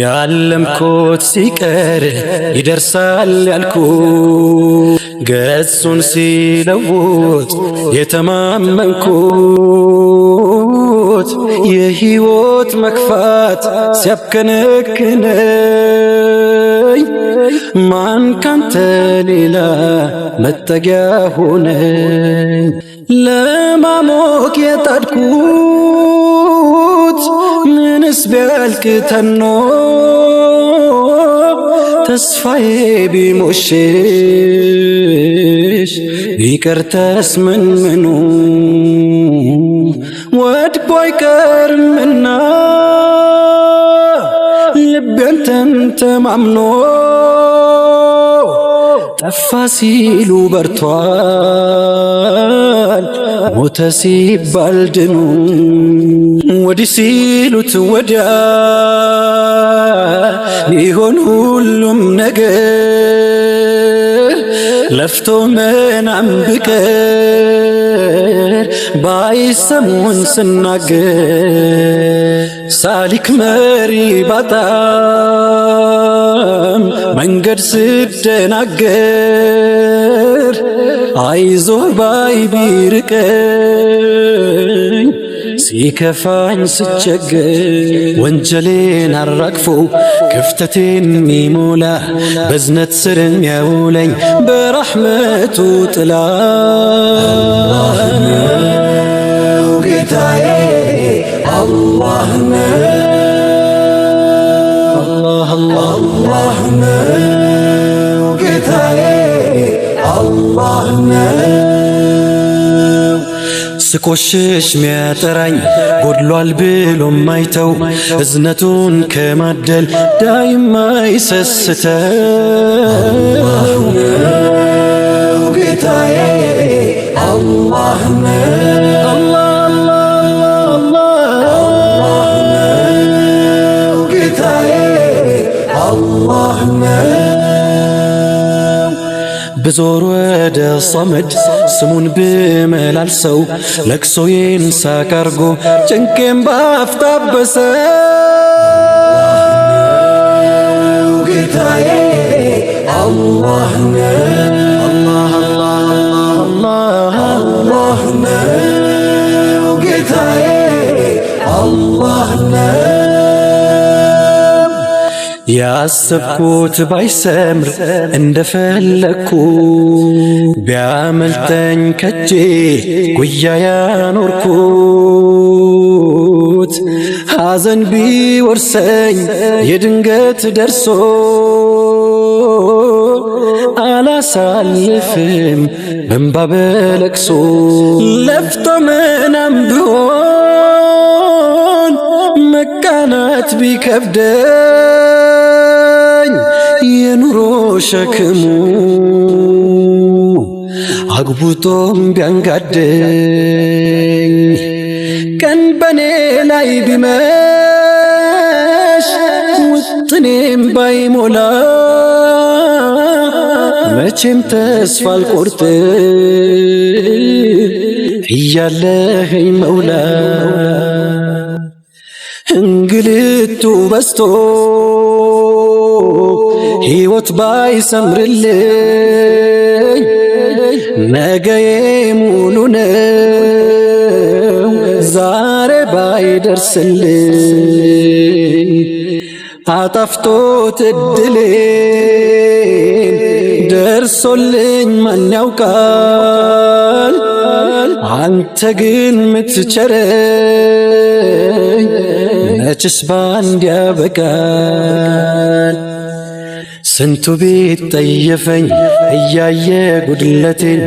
ያለምኩት ሲቀር ይደርሳል ያልኩ ገጹን ሲለውጥ የተማመንኩት የሕይወት መክፋት ሲያብከነክነኝ ማን ካንተ ሌላ መጠጊያ ሆነኝ ለማሞቅ የጣድኩት ምንስ ቢያልቅተን ነው ተስፋዬ ቢሞሽሽ ቢቀርተስ ምን ምኑ ወድቆ አይቀርምና ልቤ አንተን ተማምኖ تفاسيلو برتوان متسيب بالدن ودسيلو تودع يهون هلوم نقر لفتو من عم بكر باي سمون سنقر سالك مري بطار መንገድ ስደናገር አይዞ ባይ ቢርቀኝ ሲከፋኝ ስቸገር ወንጀሌን አራግፎ ክፍተቴን ሚሞላ በዝነት ስርም ያውለኝ በራህመቱ ጥላ ስቆሽሽ ሚያጠራኝ ጎድሏል ብሎ ማይተው እዝነቱን ከማደል ዳይ ይሰስተው ጌታዬ አላህ ነው ወደ ሶመድ ስሙን ብመላልሰው ለቅሶዬን ሳቅ አርጎ ጭንቄን ባፍታበሰው ጌታዬ አላህ ነው ያሰብኩት ባይሰምር እንደፈለግኩ ቢያመልጠኝ ከጄ ጉያ ያኖርኩት ሐዘን ቢወርሰኝ የድንገት ደርሶ አላሳልፍም በእንባ በለቅሶ ለፍቶ ምናም ቢሆን መቃናት ቢከብደን ሸክሙ አግቡቶም ቢያንጋደኝ ቀን በኔ ላይ ቢመሽ ውጥኔም ባይሞላ መቼም ተስፋ አልቆርጥ እያለኸኝ መውላ እንግልቱ በስቶ ሕይወት ባይሰምርልኝ ነገዬ ሙሉ ነው። ዛሬ ባይደርስልኝ አጠፍቶት እድሌን ደርሶልኝ ማን ያውቃል? አንተ ግን ምትቸረኝ መችስ ባንድ ያበቃል። ስንቱ ቤት ጠየፈኝ እያየ ጉድለቴን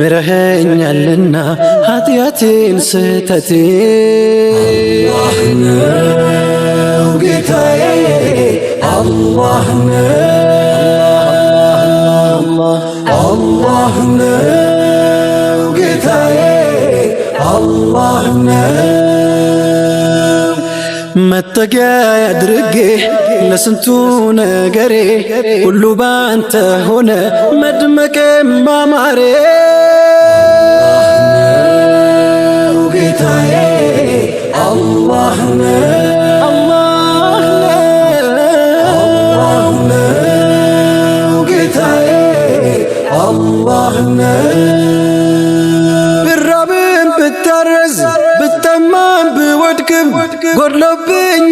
ምረኸኛልና ኃጢአቴን ስህተቴን አላህ ነው ጌታዬ፣ አላህ ነው ጌታዬ፣ አላህ ነው መጠጊያ ያድርጌ ለስንቱ ነገሬ ሁሉ ባንተ ሆነ መድመቄም ባማሬ ጌታዬ አላህ ብራብም ብታረዝ ብጠማም ብወድቅም ጎድለብ